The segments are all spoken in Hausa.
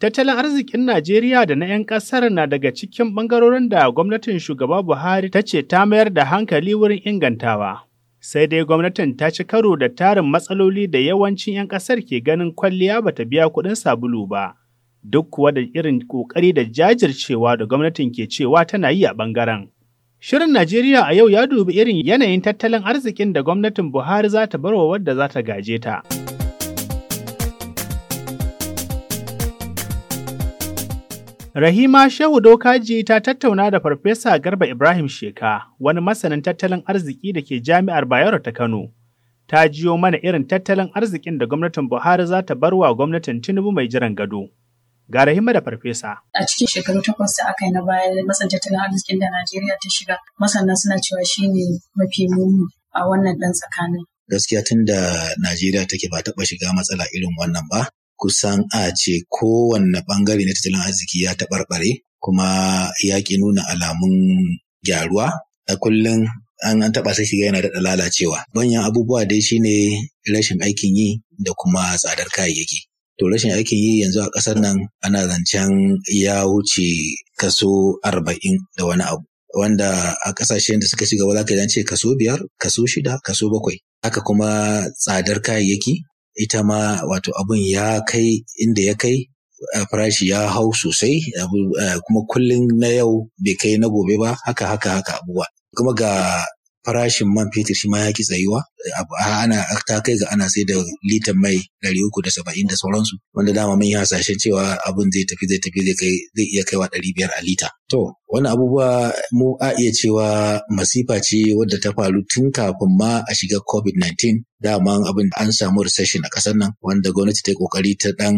Tattalin arzikin Najeriya da na 'yan ƙasar na daga cikin ɓangarorin da gwamnatin shugaba Buhari ta ce ta mayar da hankali wurin ingantawa. Sai dai gwamnatin ta ci karo da tarin matsaloli da yawancin 'yan ƙasar ke ganin kwalliya ba ta biya kuɗin sabulu ba, duk kuwa da irin ƙoƙari da jajircewa da gwamnatin ke cewa tana yi a ɓangaren. Shirin Najeriya a yau ya dubi irin yanayin tattalin arzikin da gwamnatin Buhari za ta barwa wadda za ta gaje ta. Rahima Shehu Dokaji ta tattauna da Farfesa Garba Ibrahim Sheka, wani masanin tattalin arziki da ke Jami'ar Bayero ta Kano. Ta jiyo mana irin tattalin arzikin da gwamnatin Buhari za ta bar wa gwamnatin Tinubu mai jiran gado. Ga Rahima da Farfesa. A cikin shekaru takwas da aka yi na baya masan tattalin arzikin da Najeriya ta shiga, masana suna cewa shi ne mafi muni a wannan ɗan tsakanin. gaskiya tun da Najeriya take ba taɓa shiga matsala irin wannan ba kusan a ce kowanne ɓangare na tattalin arziki ya taɓarɓare kuma ya ƙi nuna alamun gyaruwa a kullum an an taɓa sai shiga yana daɗa lalacewa. Banyan abubuwa dai shine rashin aikin yi da kuma tsadar kayayyaki. To rashin aikin yi yanzu a ƙasar nan ana zancen ya wuce kaso arba'in da wani abu. Wanda a ƙasashen da suka shiga ba za ka ce kaso biyar, kaso shida, kaso bakwai. Haka kuma tsadar kayayyaki ita ma wato abun ya kai inda ya kai farashi ya hau sosai kuma kullum na yau bai kai na gobe ba haka haka haka abubuwa kuma ga farashin man fetur shi ma ya ki tsayuwa A ana ta kai ga ana sai da litan mai ɗari uku da saba'in da sauransu wanda dama mun yi hasashen cewa abin zai tafi zai tafi zai kai zai iya kaiwa ɗari biyar a lita. To wani abubuwa mu a iya cewa masifa ce wadda ta faru tun kafin ma a shiga COVID-19 daman abin an samu recession a ƙasar nan wanda gwamnati ta yi ƙoƙari ta dan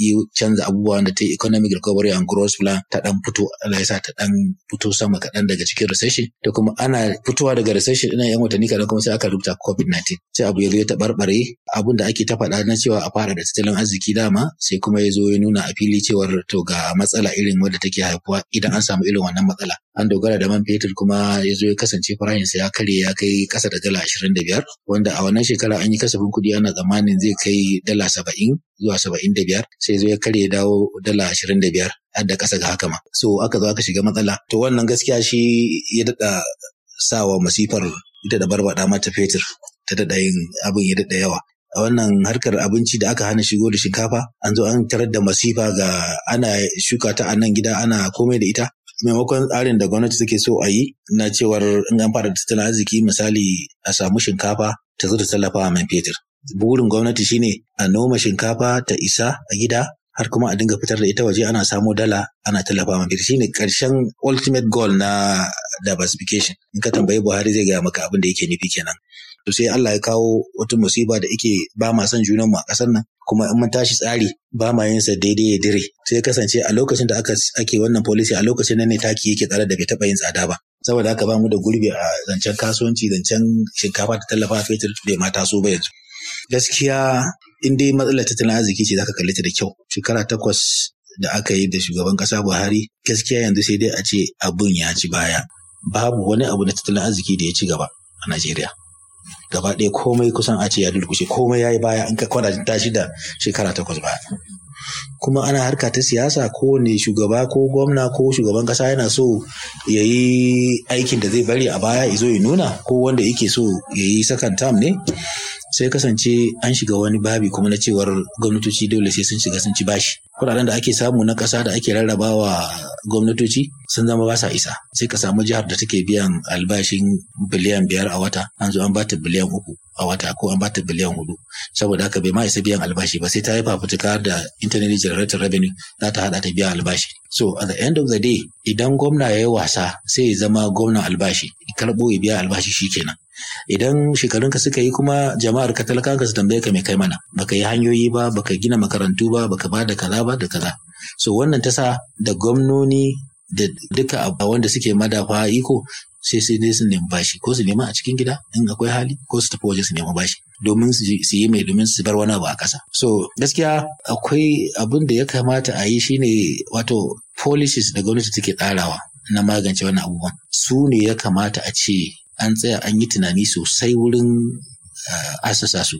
yi canza abubuwa wanda ta yi economic recovery and growth plan ta dan fito Allah ya ta dan fito sama kaɗan daga cikin recession to kuma ana fitowa daga recession ina yan watanni kaɗan kuma sai aka rubuta covid-19 sai abu ya zo ya taɓarɓare abun da ake ta faɗa na cewa a fara da tattalin arziki dama sai kuma ya zo ya nuna a fili cewar to ga matsala irin wadda take haifuwa idan an samu irin wannan matsala an dogara da man fetur kuma ya zo ya kasance farashinsa ya karye ya kai ƙasa da dala ashirin da biyar wanda a wannan shekara an yi kasafin kuɗi ana tsammanin zai kai dala saba'in zuwa saba'in da biyar sai zo ya karye dawo dala ashirin da biyar har da ƙasa ga haka ma so aka zo aka shiga matsala to wannan gaskiya shi ya daɗa sawa masifar ita da barbada mata fetur ta daɗa yin abin ya daɗa yawa. A wannan harkar abinci da aka hana shigo da shinkafa an zo an tarar da masifa ga ana shuka ta a nan gida ana komai da ita. Maimakon tsarin da gwamnati take so a yi na cewar in an fara tattalin arziki misali a samu shinkafa ta zo ta tallafa man fetur. Burin gwamnati shine a noma shinkafa ta isa a gida har kuma a dinga fitar da ita waje ana samo dala ana tallafa man fetur shine ƙarshen ultimate goal na diversification in ka tambayi Buhari zai gaya maka abin da yake nufi kenan to sai Allah ya kawo wata musiba da ike ba ma junan mu a ƙasar nan kuma in mun tashi tsari ba ma yin sa daidai ya dire sai ya kasance a lokacin da aka ake wannan policy a lokacin nan ne taki yake tsare da bai taba yin tsada ba saboda haka ba mu da gurbi a zancen kasuwanci zancen shinkafa ta tallafa fetur bai ma taso ba yanzu gaskiya in dai matsalar tattalin arziki ce zaka kalli ta da kyau shekara takwas da aka yi da shugaban kasa Buhari gaskiya yanzu sai dai a ce abun ya ci baya babu wani abu na tattalin arziki da ya ci gaba a Najeriya. Gaba ɗaya komai kusan a ce ya dulkushe komai ya yi baya in ka kwana tashi da shekara takwas baya. kuma ana harka ta siyasa kowane shugaba ko gwamna ko shugaban kasa yana so ya yi aikin da zai bari a baya izo ya nuna ko wanda yake so ya yi sakan tam ne sai kasance an shiga wani babi kuma na cewar gwamnatoci dole sai sun shiga sun ci bashi kuɗaɗen da ake samu na ƙasa da ake rarrabawa gwamnatoci sun zama ba sa isa sai ka samu jihar da take biyan albashin biliyan biyar a wata an zo an bata biliyan uku a wata ko an bata biliyan hudu saboda haka bai ma isa biyan albashi ba sai ta yi fafutuka da intanet generating revenue za ta hada ta biya albashi so at the end of the day idan gwamna ya yi wasa sai ya zama gwamnan albashi karbo ya biya albashi shi kenan. idan shekarunka suka yi kuma jama'ar ka talaka su tambaye ka mai kai mana baka yi hanyoyi ba baka gina makarantu ba baka ba da kaza ba da kaza so wannan ta sa da gwamnoni da duka a wanda suke madafa iko sai sai dai su nemi bashi ko su nema a cikin gida in akwai hali ko su tafi waje su nema bashi domin su yi mai domin su bar wani abu a ƙasa. So gaskiya akwai abin da ya kamata a yi shine wato policies da gwamnati take tsarawa na magance wani abubuwan. Su ne ya kamata a ce an tsaya an yi tunani sosai wurin eh, asasa su.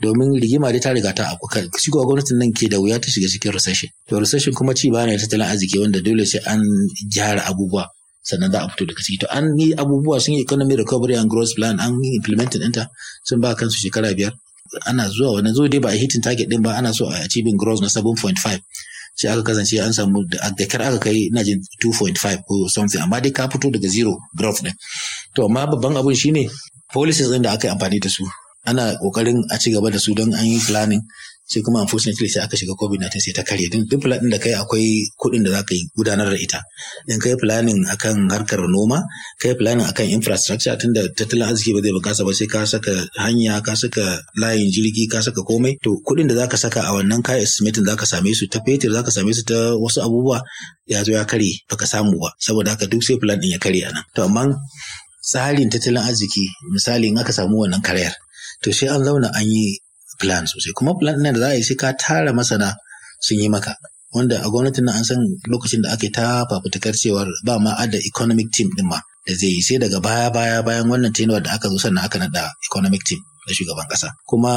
domin rigima dai ta riga ta abu kai shigowa gwamnatin nan ke da wuya ta shiga cikin recession to recession kuma ci bana tattalin arziki wanda dole sai an gyara abubuwa sannan za a fito daga ciki to an yi abubuwa sun yi economy recovery and growth plan an yi implementing ɗinta sun ba kansu shekara biyar ana zuwa wani zo dai ba a hitin target ɗin ba ana so a achieving growth na 7.5 sai aka kasance an samu da kyar aka kai ina jin 2.5 ko something amma dai ka fito daga zero growth din to amma babban abun shine policies ɗin da aka yi amfani da su ana kokarin a ci gaba da su don an yi planning sai kuma unfortunately sai aka shiga covid-19 sai ta karye duk plan din da kai akwai kuɗin da za ka yi gudanar da ita in kai planning akan harkar noma kai planning akan infrastructure tunda tattalin arziki ba zai bukasa ba sai ka saka hanya ka saka layin jirgi ka saka komai to kuɗin da za ka saka a wannan kayan estimating za ka same su ta fetur za ka same su ta wasu abubuwa ya zo ya karye baka samu ba saboda haka duk sai plan din ya karye anan to amma tsarin tattalin arziki misali in aka samu wannan karayar to sai an zauna an yi plan sosai kuma plan ɗin da za a yi sai ka tara masana sun yi maka wanda a gwamnatin nan an san lokacin da aka yi ta fafutukar cewar ba ma adda economic team ɗin ma da zai yi sai daga baya baya bayan wannan tenuwa da aka zo sannan aka naɗa economic team na shugaban ƙasa kuma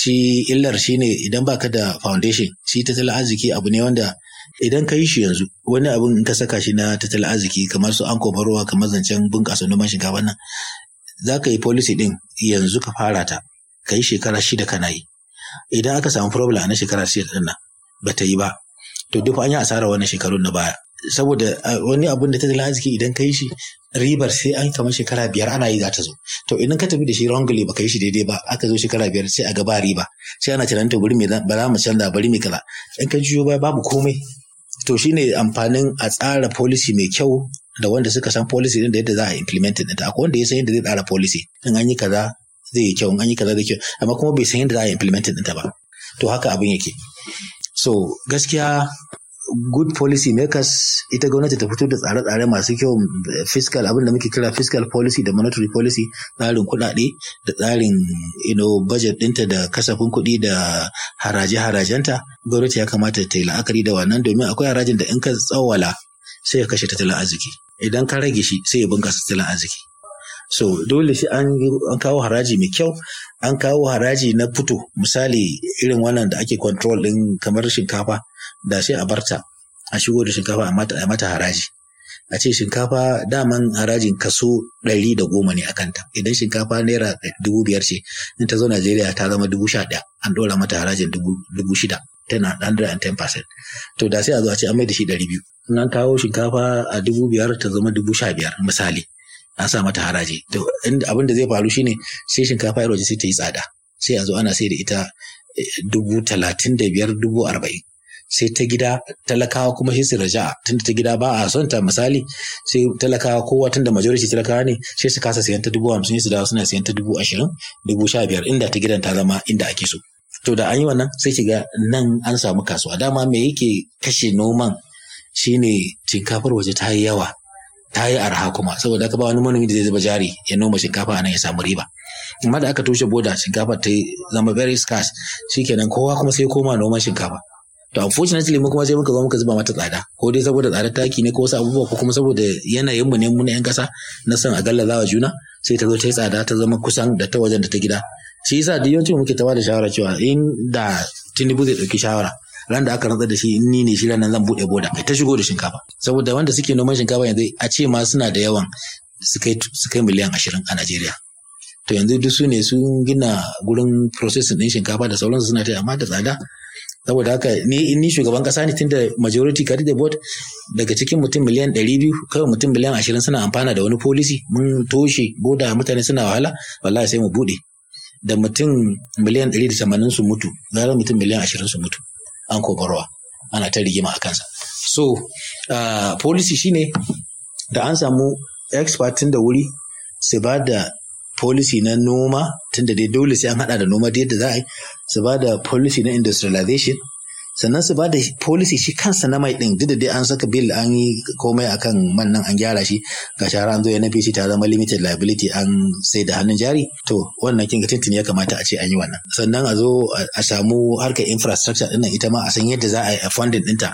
shi illar shi ne idan baka da foundation shi tattalin arziki abu ne wanda idan ka yi shi yanzu wani abin in ka saka shi na tattalin arziki kamar su an komarowa kamar zancen bunƙasa noman shinkafa nan za ka yi policy din yanzu ka fara ta ka yi shekara shida kana yi idan aka samu problem na shekara shida din nan ba ta yi ba to duk an yi asara wannan shekarun na baya saboda wani abun da ta tattalin arziki idan ka yi shi ribar sai an kama shekara biyar ana yi za ta zo to idan ka tafi da shi wrongly ba ka yi shi daidai ba aka zo shekara biyar sai a gaba riba sai ana tunanin to bari me ba za mu canza bari me kaza in ka jiyo ba babu komai to shi ne amfanin a tsara policy mai kyau da wanda suka san policy din da yadda za a implement din ta akwai wanda ya san yadda zai tsara policy in an yi kaza zai yi kyau an yi kaza da kyau amma kuma bai san yadda za a din ta ba to haka abin yake so gaskiya good policy makers ita gwamnati ta fito da tsare-tsare masu kyau fiscal abin da muke kira fiscal policy da monetary policy tsarin kuɗaɗe da tsarin you know, budget ɗinta da kasafin kuɗi da haraje-harajenta gwamnati ya kamata ta yi la'akari da wannan domin akwai harajin da in ka tsawala sai ya kashe tattalin arziki idan ka rage shi sai ya bunkasa tattalin arziki so dole sai an, an kawo haraji mai kyau an kawo haraji na fito misali irin wannan da ake control din kamar shinkafa da sai a barta a shigo da shinkafa a mata, mata haraji a ce shinkafa daman harajin kaso ɗari da goma ne a kanta idan shinkafa naira dubu biyar ce in ta zo najeriya ta zama dubu sha ɗaya an ɗora mata harajin dubu shida tana hundred and ten percent to da sai a zo a ce an mai da shi ɗari biyu in an kawo shinkafa a dubu biyar ta zama dubu sha biyar misali an sa mata haraji to abin da zai faru shine sai shinkafa ya waje sai ta yi tsada sai a zo ana sai da ita eh, dubu talatin da biyar dubu arba'in sai ta gida talakawa kuma shi su raja tunda ta gida ba a son ta misali sai talakawa kowa tunda majority talakawa ne sai su kasa sayan ta dubu hamsin su dawo suna sayan ta dubu ashirin dubu sha biyar inda ta gidan ta zama inda ake so to da an yi wannan sai shiga nan an samu kasuwa dama me yake kashe noman shine shinkafar waje ta yi yawa ta yi arha kuma saboda ka ba wani manomi da zai zuba jari ya noma shinkafa anan ya samu riba amma da aka toshe boda shinkafa ta zama very scarce shikenan kowa kuma sai koma noman shinkafa to unfortunately mu kuma sai muka zo muka zuba mata tsada ko dai saboda tsadar taki ne ko wasu abubuwa ko kuma saboda yanayin mu ne mun yan kasa na san a gallazawa juna sai ta zo ta yi tsada ta zama kusan da ta wajen da ta gida shi yasa duk yawancin muke ta da shawara cewa in da tinubu zai dauki shawara ran da aka rantsar da shi in ni ne shi ranar zan buɗe boda ta shigo da shinkafa saboda wanda suke noman shinkafa yanzu a ce ma suna da yawan su kai miliyan ashirin a Najeriya. To yanzu duk su ne sun gina gurin processing din shinkafa da sauransu suna ta amma da tsada. Saboda haka ni ni shugaban ƙasa ne tunda majority kari the vote daga cikin mutum miliyan ɗari biyu kawai mutum miliyan ashirin suna amfana da wani policy mun toshe boda mutane suna wahala wallahi sai mu buɗe. Da mutum miliyan ɗari da su mutu gara mutum miliyan ashirin su mutu. an ko barwa ana ta rigima a kansa so uh, policy shine da an samu expert tun da wuri su ba da policy na noma tun da dai dole sai an hada da noma da yadda za a yi su ba da policy na industrialization sannan su ba da policy shi kansa na mai ɗin duk da dai an saka bill an yi komai a kan man nan an gyara shi ga shara an zo ya nafi shi ta zama limited liability an sai da hannun jari to wannan kinga tintin ya kamata a ce an yi wannan sannan a zo a samu harkar infrastructure ɗin ita ma a san yadda za a yi a funding ɗinta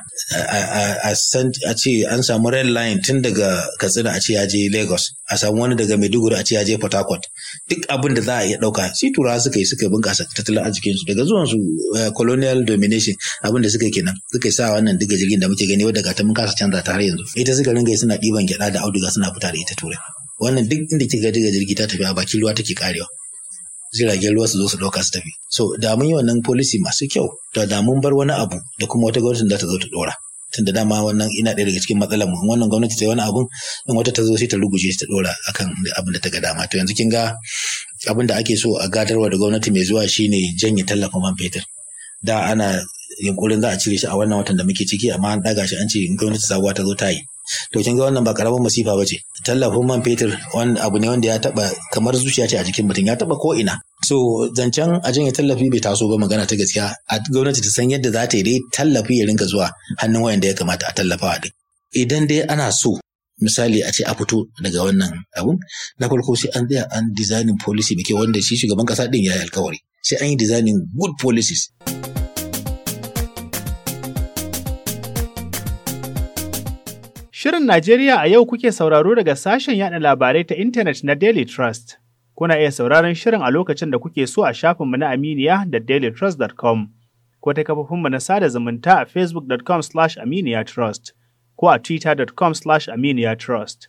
a ce an samu red line tun daga katsina a ce ya je lagos a samu wani daga maiduguri a ce ya je port harcourt duk abin da za a iya ɗauka shi turawa suka yi suka bunƙasa tattalin arzikinsu daga zuwan su eh, colonial domination abin da suka yi kenan suka yi sa wannan duka jirgin da muke gani wadda ga ta mun kasa canza ta har yanzu ita suka ringa suna ɗiban gyaɗa da auduga suna fita da ita turai wannan duk inda kika ga diga jirgi ta tafi a bakin ruwa take karewa jiragen ruwa su zo su ɗauka su tafi so da mun yi wannan policy masu kyau da da mun bar wani abu da kuma wata gwamnati da ta zo ta ɗora tunda dama wannan ina ɗaya daga cikin matsalar mu wannan gwamnati ta yi wani abun in wata ta zo sai ta ruguje ta dora akan abin da ta ga dama to yanzu kin ga abin da ake so a gadarwa da gwamnati mai zuwa shine janye tallafin man fetur da ana yunkurin za a cire shi a wannan watan da muke ciki amma an daga shi an ce gwamnati sabuwa ta zo ta yi to kin ga wannan ba karamin masifa bace tallafin man fetur wani abu ne wanda ya taba kamar zuciya ce a jikin mutum ya taba ko ina So zancen a ya tallafi bai taso ba magana ta gaskiya a gwamnati ta san yadda za ta yi dai tallafi ya rinka zuwa hannun wayanda ya kamata a tallafawa Idan dai ana so misali a ce a fito daga wannan abun na farko sai an tsaya an designing policy da ke wanda shi shugaban kasa din ya yi alkawari sai an yi designing good policies. Shirin Najeriya a yau kuke sauraro daga sashen yaɗa labarai ta intanet na Daily Trust. Kuna iya sauraron shirin a lokacin da kuke so a shafinmu na Aminiya da dailytrust.com ko ta kafofinmu na sada zumunta a facebook.com aminiyatrust ko a twitter.com slash aminiyatrust.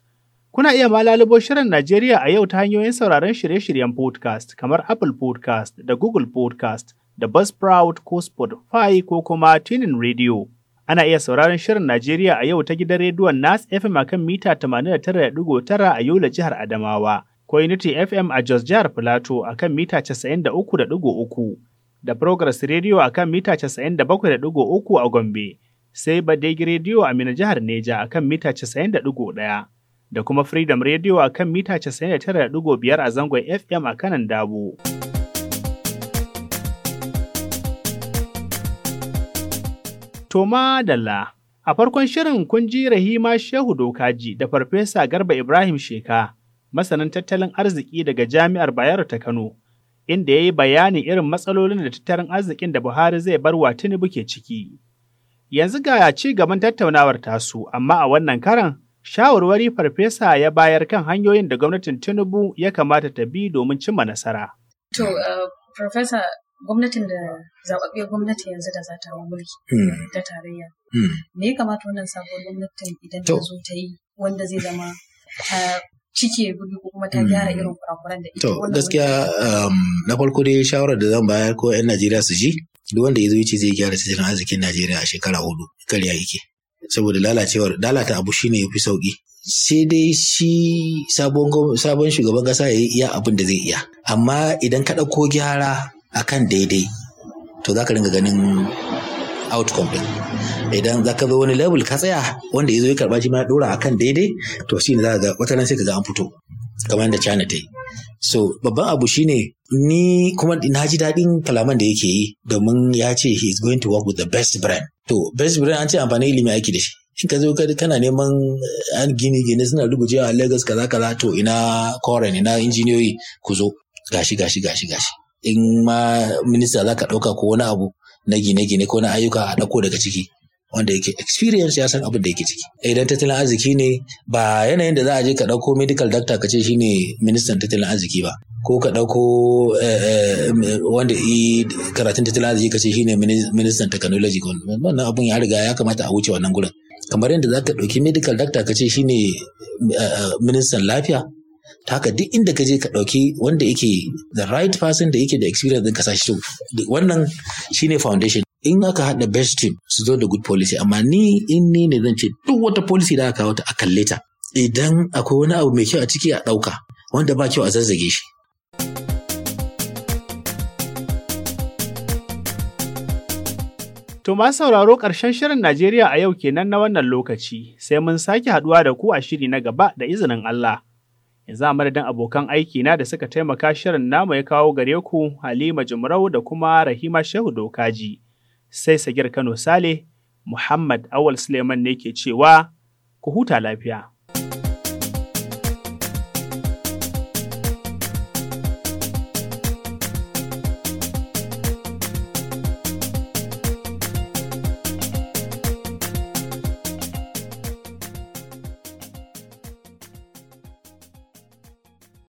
Kuna iya malalubo shirin Najeriya a yau ta hanyoyin sauraron shirye-shiryen podcast kamar Apple podcast da Google podcast da Buzzsprout ko Spotify ko kuma Tunin Radio. Ana iya sauraron shirin Najeriya a yau ta gidan rediyon Nas FM a kan mita 89.9 a Yola jihar Adamawa Unity FM a Jos Jihar Filato a kan mita 93.3 da Progress Radio a kan mita 97.3 a Gombe, sai Badegi Radio a Mina Jihar Neja a kan mita 91.1 da kuma Freedom Radio a kan mita 99.5 a zangon FM a kanan Dabo. Toma Dalla A farkon shirin kun ji Rahima Shehu Dokaji da Farfesa Garba Ibrahim Sheka. masanin tattalin arziki daga Jami'ar Bayero ta Kano, inda ya yi bayanin irin matsalolin da tattalin arzikin da Buhari zai bar wa Tinubu ke ciki. Yanzu ga ci gaban tattaunawar tasu, amma a wannan karan shawarwari farfesa ya bayar kan hanyoyin da gwamnatin Tinubu ya kamata ta bi domin cimma nasara. To, eh, Farfesa, gwamnatin da zaɓaɓɓe gwamnati yanzu da za ta hau mulki hmm. ta tarayya. Hmm. Me ya kamata wannan sabon gwamnatin idan ta zo ta yi wanda zai zama cike guri ko kuma ta gyara mm. irin kurakuran da ita. To gaskiya um, na farko dai shawarar da zan bayar ko 'yan Najeriya su ji duk wanda ya zo ce zai gyara tattalin arzikin Najeriya a shekara hudu karya yake. Saboda lalacewar lalata abu shine yafi sauki. Sai dai shi sabon shugaban kasa ya yi iya abin da zai iya. Amma idan ka ɗauko gyara akan daidai to za ka ringa ganin outcome din idan za ka zo wani level ka tsaya wanda ya zo ya karba shi ma ɗora akan daidai to shi ne za ga wata nan sai ka ga an fito kamar yadda China ta yi so babban abu shine ni kuma na ji daɗin kalaman da yake yi domin ya ce he is going to work with the best brand to best brand an ce amfani ilimi aiki da shi in ka zo kana neman eh, an gini gine suna rugujewa a Lagos kaza kaza to ina koren ina injiniyoyi ku zo gashi gashi gashi gashi in ma minista za ka ɗauka ko wani abu na gine-gine ko na ayyuka a ɗauko daga ciki wanda yake experience ya san abin da yake ciki idan tattalin arziki ne ba yanayin da za a je ka ɗauko medical doctor ka ce shine ministan tattalin arziki ba ko ka ɗauko eh, eh, wanda yi karatun tattalin arziki ka ce shine ministan technology wannan abin ya riga ya kamata a wuce wannan gurin kamar yadda za ka ɗauki medical doctor ka ce shine eh, ministan lafiya ta haka duk inda ka je ka ɗauki wanda yake the right person da yake da experience din ka sashi wannan shine foundation in aka haɗa best team su zo da good policy amma ni in ni ne zan ce duk wata policy da aka kawo ta a kalle ta idan akwai wani abu mai kyau a ciki a ɗauka wanda ba kyau a zazzage shi To ma sauraro ƙarshen shirin Najeriya a yau kenan na wannan lokaci, sai mun sake haɗuwa da ku a shiri na gaba da izinin Allah. yanzu a madadin abokan aiki na da suka taimaka shirin namu ya kawo gare ku Halima Jumrau da kuma Rahima Shehu Dokaji. Sai Sagir Kano Sale, Muhammad Awal Suleiman ne ke cewa, ku huta lafiya.